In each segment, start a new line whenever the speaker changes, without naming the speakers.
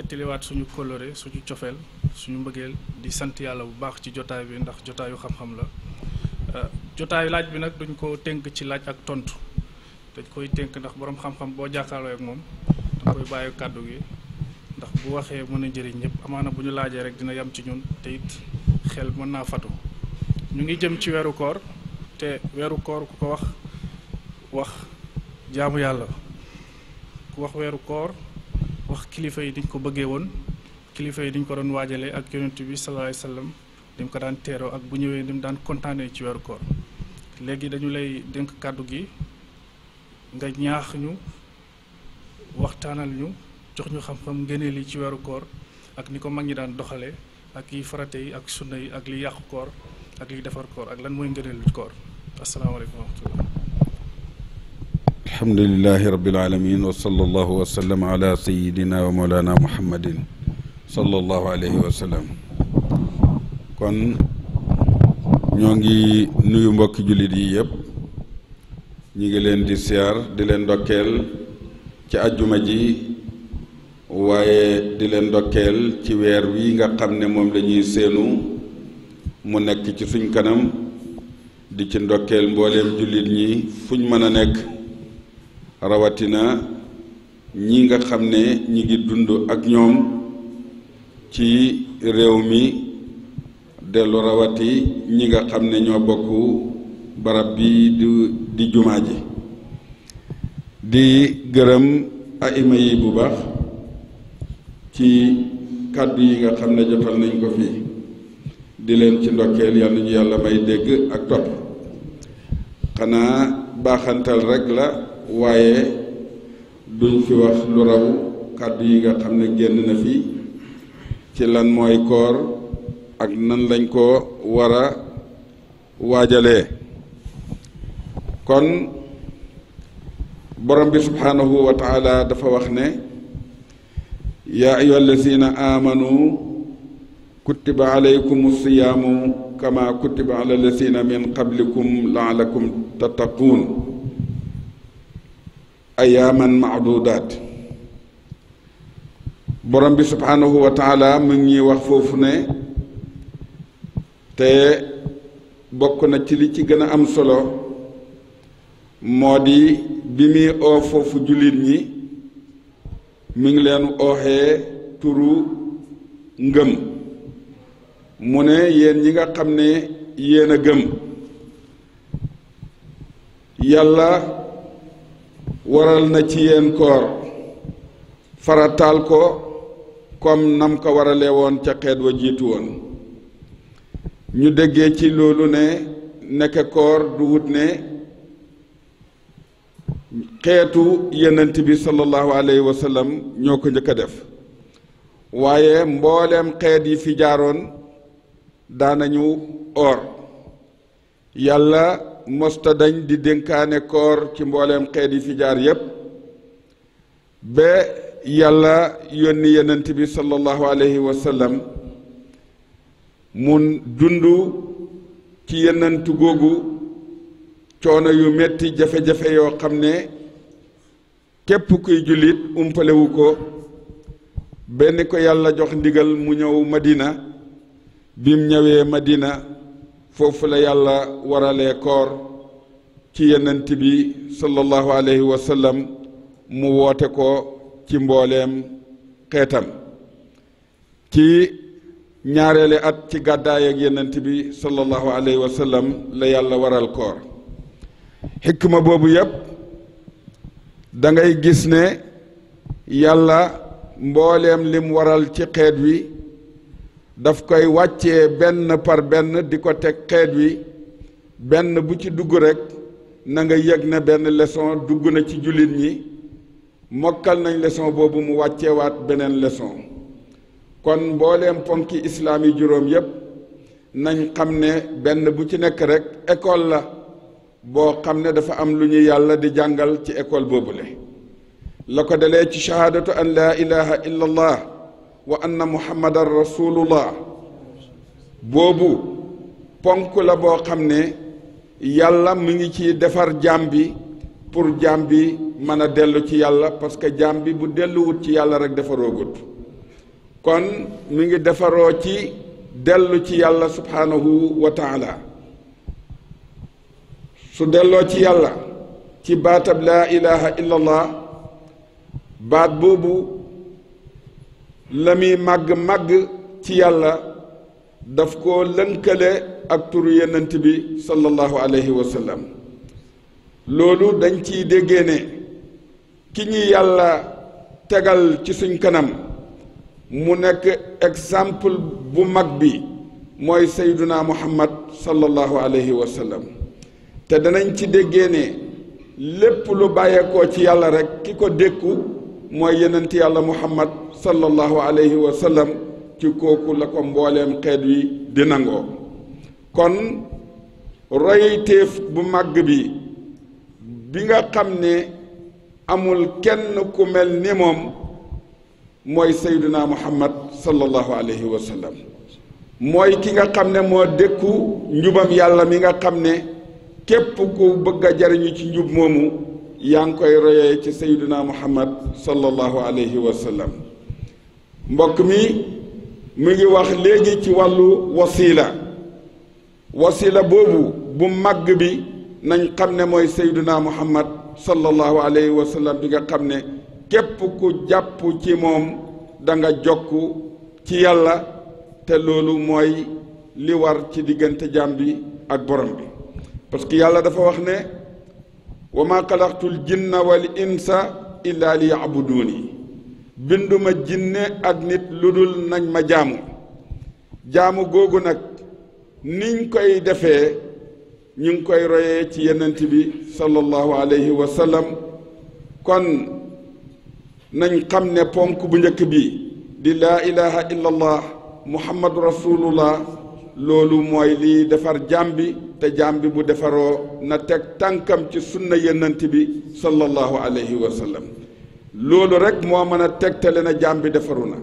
fettaliwaat suñu coloré suñu cofeel suñu mbëggeel di sant yàlla bu baax ci jotaay bi ndax jotaayu xam-xam la euh, jotaayu laaj bi nag duñ ko tënk ci laaj ak tontu dañ koy tënk ndax boroom xam-xam boo jàkkaarloo ak moom dañ koy bàyyi kàddu gi ndax bu waxee mën a njëriñ ñëpp amaana bu ñu laajee rek dina yam ci ñun te it xel mën naa fatu ñu ngi jëm ci weeru koor te weeru koor ku ko wax wax jaamu yàlla ku wax weeru koor wax kilifa yi diñ ko bëggee woon kilifa yi diñ ko doon waajalee ak yonent bi sallallahu alayhi wasallam dim ko daan teeroo ak bu ñëwee dim daan kontaanee ci weeru koor léegi dañu lay dénk kàddu gi nga ñaax ñu waxtaanal ñu jox ñu xam-xam ngëneel yi ci weeru koor ak ni ko mag ñi daan doxalee ak yi farate yi ak sunna yi ak li yàqu koor ak liy defar koor ak lan mooy ngëneelu koor asalaamaaleykum wa rahmatullah alhamdulilahi rabbil alamin wa sallallahu wa sallam ala sayidina wa kon ñoo ngi nuyu mbokki jullit yi yëpp ñu ngi leen di siyaar di leen ndokkeel ci ajjuma ji waaye di leen ndokkeel ci weer wi nga xam ne moom lañuy ñuy séenu mu nekk ci suñ kanam di ci ndokkeel mbooleem jullit ñi fuñ mën a nekk rawatina ñi nga xam ne ñi ngi dund ak ñoom ci réew mi dellu rawati ñi nga xam ne ñoo bokk barab bi di di jumaa ji di gërëm aima yi bu baax ci kàddu yi nga xam ne jotal nañ ko fii di leen ci ndokkeel yal na ñu yàlla may dégg ak topp xanaa baaxantal rekk la waaye duñ fi wax lu raw kàddu yi nga xam ne génn na fi ci lan mooy koor ak nan lañ ko war waajale kon borom bi subhaanahu wa dafa wax ne yaa ayuha allazina amanu kutiba alaykum siyaamu kama kutiba ala allazina min qablikum laalakum tattaquun ayaaman maadudaat borom bi subhaanahu wa taala mu ngi wax foofu ne te bokk na ci li ci gën a am solo moo di bi muy oo foofu jullit ñi mi ngi leen ooxee turu ngëm mu ne yéen ñi nga xam ne yéen a gëm yàlla waral na ci yéen koor farataal ko comme nam ko warale woon ca xeet wa jiitu woon ñu dégge ci loolu ne nekk koor du wut ne xeetu yenent bi sallallahu alayhi wa ñoo ko njëkk def waaye mboolem xeet yi fi jaaroon daanañu or yàlla mosta dañ di dénkaane koor ci mbooleem xeet yi fi jaar yépp ba yàlla yónni yenent bi sallallahu alayhi wa sallam mun dund ci yenentu googu coono yu metti jafe-jafe yoo xam ne képp kuy jullit umpalewu ko benn ko yàlla jox ndigal mu ñëw madina bim ñëwee madina foofu la yàlla warale koor ci yenent bi sallallahu alayhi wa mu woote ko ci mbooleem xeetam ci ñaareele at ci gàddaay ak yenent bi sallallahu alayhi wa la yàlla waral koor xikma boobu yépp da ngay gis ne yàlla mbooleem lim waral ci xeet wi daf koy wàccee benn par benn di ko teg xeet wi benn bu ci dugg rek na nga yëg ne benn leçon dugg na ci jullit ñi mokkal nañ leson boobu mu wàcceewaat beneen leçon kon mbooleem ponki islaam yi juróom yépp nañ xam ne benn bu ci nekk rek école la boo xam ne dafa am lu ñu yàlla di jàngal ci école boobule la ko dalee ci shahaadatu an laa ilaha illa wa anna muhammadan rasulullah boobu ponk la boo xam ne yàlla mu ngi ci defar jaam bi pour jaam bi mën a dellu ci yàlla parce que jaam bi bu delluwut ci yàlla rek defaroogut kon mu ngi defaroo ci dellu ci yàlla subhaanahu wa taala su delloo ci yàlla ci baatab laa ilaha illallah baat boobu la muy màgg-màgg ci yàlla daf ko lënkale ak turu yenant bi sallallahu alayhi wa loolu dañ ci déggee ki ñi yàlla tegal ci suñ kanam mu nekk exemple bu mag bi mooy sayduna muhammad sallallahu alayhi wa sallam te danañ ci déggee lépp lu bàyyeekoo ci yàlla rekk ki ko dékku mooy yenent yàlla muhammad sallallahu alayhi wa sallam ci kooku la ko mbooleem xeet wi di nangoo kon royteef bu màgg bi bi nga xam ne amul kenn ku mel ni moom mooy sayduna muhammad sallallahu alayhi wa mooy ki nga xam ne moo dékku njubam yàlla mi nga xam ne képp ku bëgg a jariñu ci njub moomu yaa ngi koy royee ci sayyidina muhammad sallallahu alayhi wa sallam mbokk mi mu ngi wax léegi ci wàllu wasila wasila boobu bu màgg bi nañ xam ne mooy sayyidina muhammad sallallahu alayhi wa sallam bi nga xam ne képp ku jàpp ci moom danga nga jokk ci yàlla te loolu mooy li war ci diggante jaam bi ak borom bi parce yàlla dafa wax ne wa ma xalaqtul jinna wal insa illa li yabuduuni binduma jinne ak nit lu dul nañ ma jaamu jaamu googu nag niñ koy defee ñu ngi koy royee ci yenent bi sallallahu alayhi wa kon nañ xam ne ponk bu njëkk bi di laa ilaha illa allah muhammadu rasulullah loolu mooy lii defar jaam bi te jaam bi bu defaroo na teg tànkam ci sunna yennant bi sallallahu alayhi wa loolu rek moo mën a tegtale na jaam bi defaru na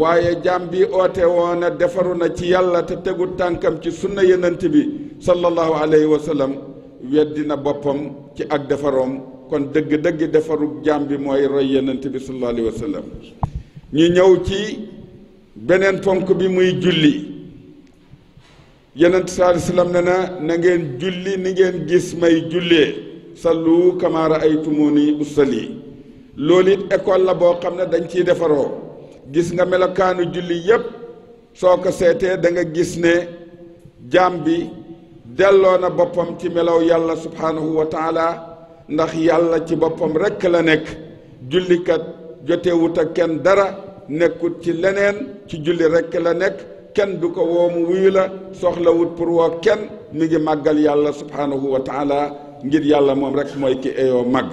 waaye jaam bi oote woon na defaru na ci yàlla te tegu tànkam ci sunna yennant bi sallallahu alayhi wa sallam weddi na boppam ci ak defaroom kon dëgg-dëgg defaru jaam bi mooy roy yennant bi sallallahu alayhi wa ñu ñëw ci beneen ponk bi muy julli yonent sallallaahu alayhi wa ne na na ngeen julli ni ngeen gis may jullee sallu kamaa ra'aytumuuni usalli loolu it école la boo xam ne dañ ciy defaroo gis nga melokaanu julli yépp soo ko seetee danga gis ne jaam bi delloo na boppam ci melow yàlla subhaanahu wa ndax yàlla ci boppam rekk la nekk jullikat jotewut ak kenn dara nekkut ci leneen ci julli rekk la nekk kenn du ko woo mu wuyu la soxlawut pour woo kenn mu ngi màggal yàlla subhaanahu wa ngir yàlla moom rek mooy ki eyoo màgg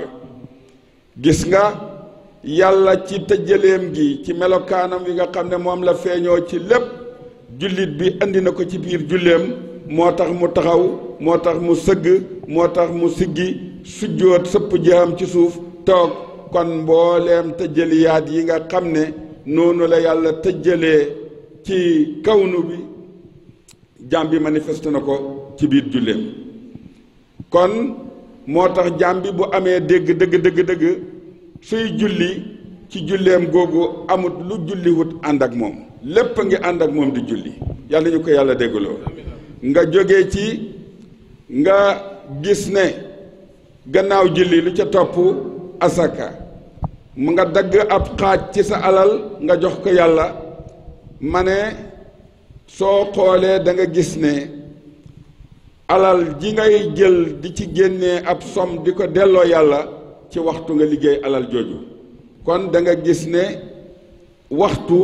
gis nga yàlla ci tëjëleem gi ci melokaanam wi nga xam ne moom la feeñoo ci lépp jullit bi indi na ko ci biir julleem moo tax mu taxaw moo tax mu sëgg moo tax mu siggi sujjóot sëpp jaam ci suuf toog kon mbooleem tëjaliyaat yi nga xam ne noonu la yàlla tëjëlee ci kawnu bi jaam bi manifesté na ko ci biir julleem kon moo tax jaam bi bu amee dégg dëgg dëgg suy julli ci julleem googu amut lu julliwut ànd ak moom lépp ngi ànd ak moom di julli yàlla ñu ko yàlla déggloo nga jóge ci nga gis ne gannaaw julli lu ca topp asaka mu nga dagg ab xaaj ci sa alal nga jox ko yàlla ma ne soo xoolee danga gis ne alal ji ngay jël di ci génnee ab som di ko delloo yàlla ci waxtu nga liggéey alal jooju kon danga gis ne waxtu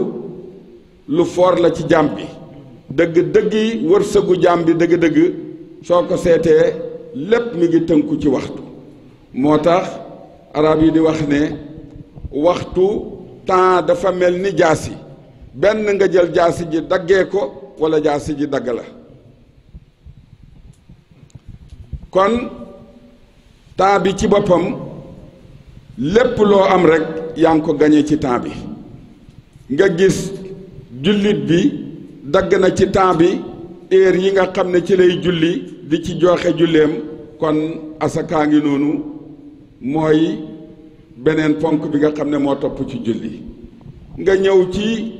lu foor la ci jaam bi dëgg-dëggi wërsëgu jaam bi dëgg-dëgg soo ko seetee lépp mi ngi tënku ci waxtu moo tax arab yi di wax ne waxtu temps dafa mel ni jaasi benn nga jël jaas ji daggee ko wala jaas ji dagg la kon temps bi ci boppam lépp loo am rekk yaa ngi ko gañe ci temps bi nga gis jullit bi dagg na ci temps bi heure yi nga xam ne ci lay julli di ci joxe julleem kon asakaa ngi noonu mooy beneen ponk bi nga xam ne moo topp ci julli nga ñëw ci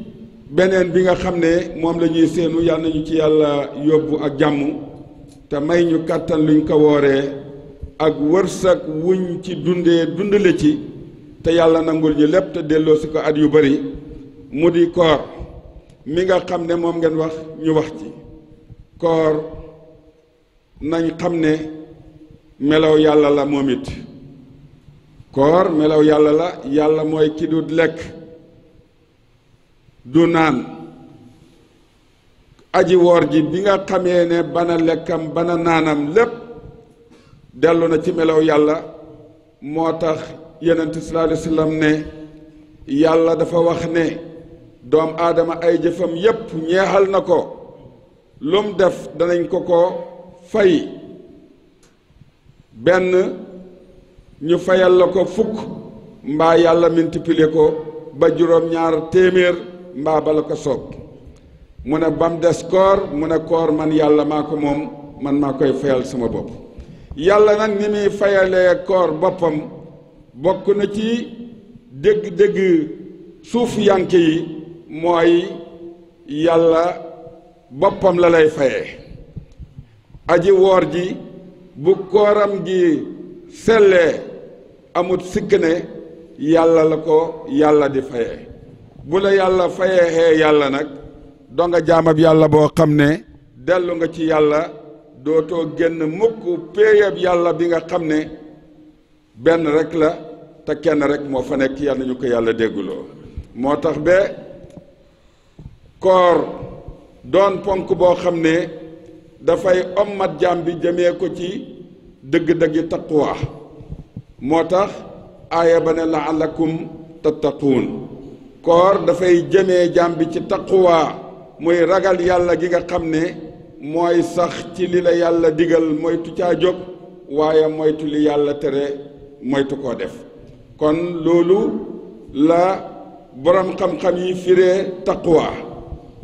beneen bi nga xam ne moom lañuy séenu yàlla nañu ci yàlla yóbbu ak jàmm te may ñu kàttan luñ ko wooree ak wërsëg wuñ ci dundee dundale ci te yàlla nangul ñi lépp te delloosi ko at yu bari mu di koor mi nga xam ne moom ngeen wax ñu wax ci koor nañ xam ne melow yàlla la moom it koor melow yàlla la yàlla mooy ki du lekk du naan aji woor ji bi nga xamee ne bana lekkam bana naanam lépp dellu na ci melow yàlla moo tax yonent sallallahu ne yàlla dafa wax ne doom aadama ay jëfam yépp ñeexal na ko lum def danañ ko ko fay benn ñu fayal la ko fukk mbaa yàlla multiplier ko ba juróom-ñaar téeméer mbaa bala ko soob mu ne bam mu des koor mu ne koor man yàlla maa ko moom man maa koy fayal suma bopp yàlla nag ni muy fayalee koor boppam bokk na ci dégg-dégg suuf yank yi mooy yàlla boppam la lay fayee aji woor ji bu kooram gi sellee amut sikk ne yàlla la ko yàlla di fayee bu la yàlla fayeexee yàlla nag doo nga yàlla boo xam ne dellu nga ci yàlla dootoo génn mukk péeyab yàlla bi nga xam ne benn rekk la te kenn rek moo fa nekk yàlla ñu ko yàlla dégguloo moo tax ba koor doon ponk boo xam ne dafay ommat jaam bi jëmee ko ci dëgg-dëggi taqwa moo tax aaya ba ne la'allakum tattaquun koor dafay jëmee jàmm bi ci taquwaa muy ragal yàlla gi nga xam ne mooy sax ci li la yàlla digal moytu caa jóg waaye moytu li yàlla tere moytu koo def kon loolu la boroom xam-xam yi firee taquwaa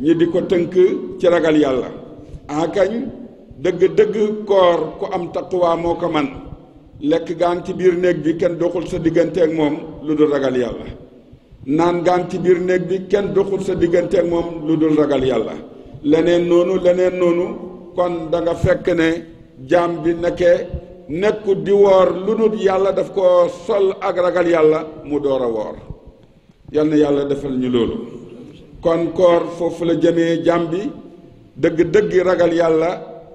ñi di ko tënk ci ragal yàlla akañ ah, dëgg-dëgg koor ku am taquwaa moo ko man lekk gaan ci biir néeg bi kenn doxul sa diggante ak moom lu dul ragal yàlla naan ngaan ci biir néeg bi kenn doxul sa diggante ak moom lu dul ragal yàlla leneen noonu leneen noonu kon danga fekk ne jaam bi nekkee nekkut di woor lu dul yàlla daf ko sol ak ragal yàlla mu door a woor yal na yàlla defal ñu loolu kon koor foofu la jëme jaam bi dëgg-dëgg ragal yàlla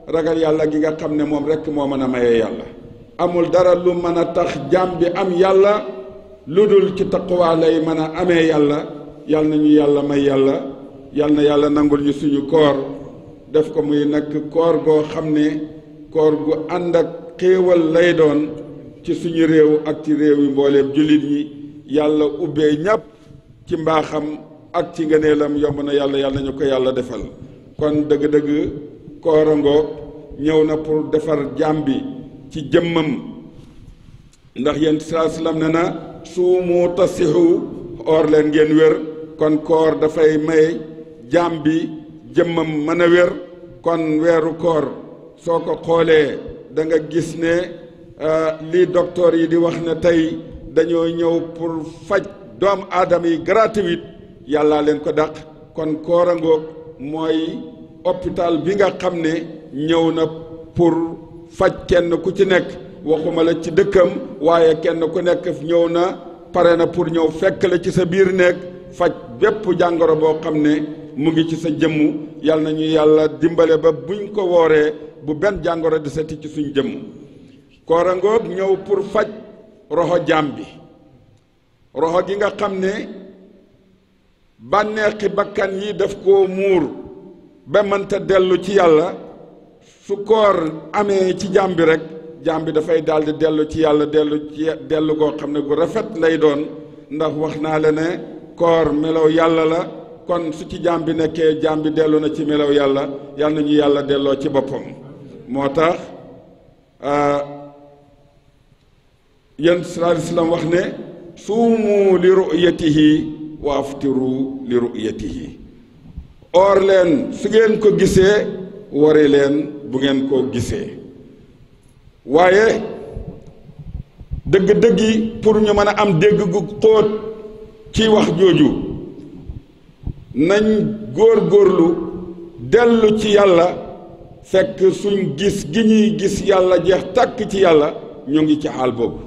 ragal yàlla gi nga xam ne moom rekk moo mën a maye yàlla amul dara lu mën a tax jaam bi am yàlla lu dul ci taqwa lay mën a amee yàlla yàlla na ñu yàlla may yàlla yàlla na yàlla nangul ñu suñu koor def ko muy nag koor goo xam ne koor gu ànd ak xéewal lay doon ci suñu réew ak ci réew yu mbooleem jullit yi yàlla ubbee ñàpp ci mbaaxam ak ci ngëneelam yomb na yàlla yàlla nañu ko yàlla defal kon dëgg-dëgg koorango ñëw na pour defar jaam bi ci jëmmam ndax yéen saa ne na suumu tasixu or leen ngeen wér kon koor dafay may jaam bi jëmmam mën a wér kon weeru koor soo ko xoolee da nga gis ne euh, lii docteur yi di wax ne tey dañoo ñëw pour faj doomu aadama yi gratuit yàllaa leen ko dàq kon koor a ngoog mooy hôpital bi nga xam ne ñëw na pour faj kenn ku ci nekk waxuma la ci dëkkam waaye kenn ku nekk ñëw na pare na pour ñëw fekk la ci sa biir néeg faj bépp jàngoro boo xam ne mu ngi ci sa jëmm yal na ñu yàlla dimbale ba buñ ko wooree bu benn jàngoro di seti ci suñ jëmm koorangoog ñëw pour faj roxo jaam bi roxo gi nga xam ne bànneexi bakkan yi daf ko muur ba mënta dellu ci yàlla su koor amee ci jaam bi rekk jaam bi dafay daal di dellu ci yàlla dellu ci dellu goo xam ne gu rafet lay doon ndax wax naa la ne koor melaw yàlla la kon su ci jaam bi nekkee jaam bi dellu na ci melaw yàlla yàlla na ñu yàlla delloo ci boppam moo tax yéen sallallahu alayhi wax ne suumu li ru'yatihi wa aftiru li ru'yatihi oor leen su ngeen ko gisee wari leen bu ngeen ko gisee waaye dëgg-dëgg yi pour ñu mën a am dégg gu xóot ci wax jooju nañ góor-góorlu dellu ci yàlla fekk suñ gis gi ñuy gis yàlla jeex tàkk ci yàlla ñu ngi ci xaal boobu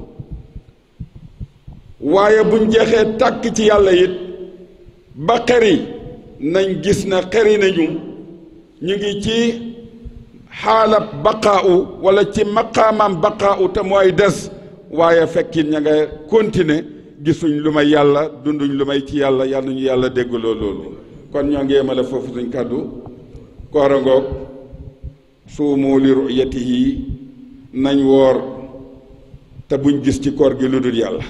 waaye buñ jeexee tàkk ci yàlla it ba xeri nañ gis na xeri nañu ñu ngi ci xaalab baqaa'u walla ci maqaamam baqaa'u te mooy des waaye fekkin ña nga kontine gisuñ lu may yàlla dunduñ lu may ci yàlla yal nañu yàlla déggloo loolu kon ñoo ngi yemale foofu suñ kàddu koor ngoog suumu li ru'yatihi nañ woor te buñ gis ci koor gi lu dul yàlla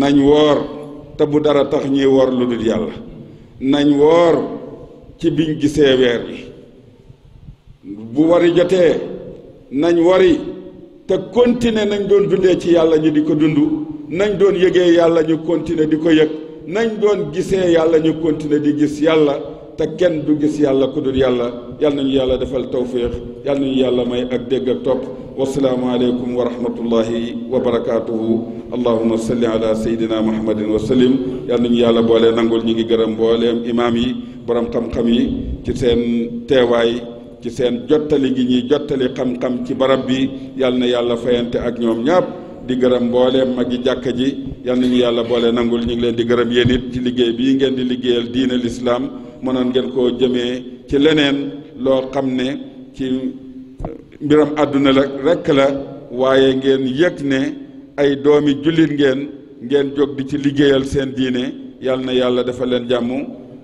nañ woor te bu dara tax ñuy woor lu dul yàlla nañ woor ci biñ gisee weer wi bu wari jotee nañ wari te continuer nañ doon dundee ci yàlla ñu di ko dund nañ doon yëgee yàlla ñu continuer di ko yëg nañ doon gisee yàlla ñu continuer di gis yàlla te kenn du gis yàlla ku dul yàlla yàlla nañu yàlla defal tawfiix yàlla ñu yàlla may ak dégg ak topp wasalaamu aleykum wa rahmatullahi wa barakaatuhu allahuma salli ala sayidina muhammadin wa sallim yàlla nañu yàlla boole nangul ñu ngi gërëm mbooleem imaam yi borom xam-xam yi ci seen teewaay ci seen jottali gi ñuy jottali xam-xam ci barab bi yal na yàlla feyante ak ñoom ñàpp di gërëm mboole mag magi jàkka ji yal nañu yàlla boole nangul ñu ngi leen di gërëm yéen it ci liggéey bii ngeen di liggéeyal diine lislaam mënoon ngeen koo jëme ci leneen loo xam ne ci mbiram àdduna la rekk la waaye ngeen yëg ne ay doomi jullit ngeen ngeen jóg di ci liggéeyal seen diine yal na yàlla defal leen jàmm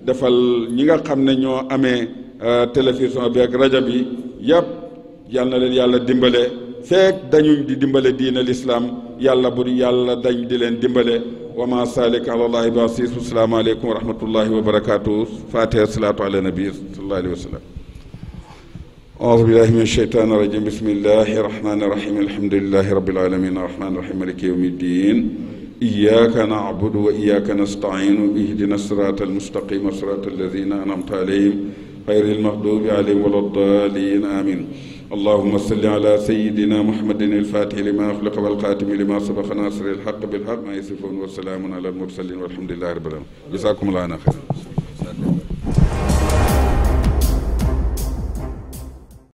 defal ñi nga xam ne ñoo amee Euh, télévision bi ak rajo bi yëpp yal na leen yàlla dimbale feek dañuñ di dimbale diina lislaam yàlla bu yàlla dañ di leen dimbale wa ma salik àlallaahi ba siis asalaamaaleykum wa rahmatullahi wa barakatuh fatiha salaatu ala nabi sallallahu alayhi wa sallam أعوذ بالله من الشيطان الرجيم بسم الله الرحمن الرحيم الحمد لله رب العالمين الرحمن الرحيم مالك يوم الدين إياك نعبد وإياك نستعين اهدنا الصراط المستقيم صراط الذين أنعمت عليهم xayril maxduubi alayhim wala daalin amin allahuma salli ala sayidina muhammadin ilfaatihi lima axlaqa walxaatimi lima sabaqa naasiril xaq bilxaq maa yasifuun wasalaamun ala almursalin walhamdulilahi rabbil aalamiin jazaakumullaahu xayran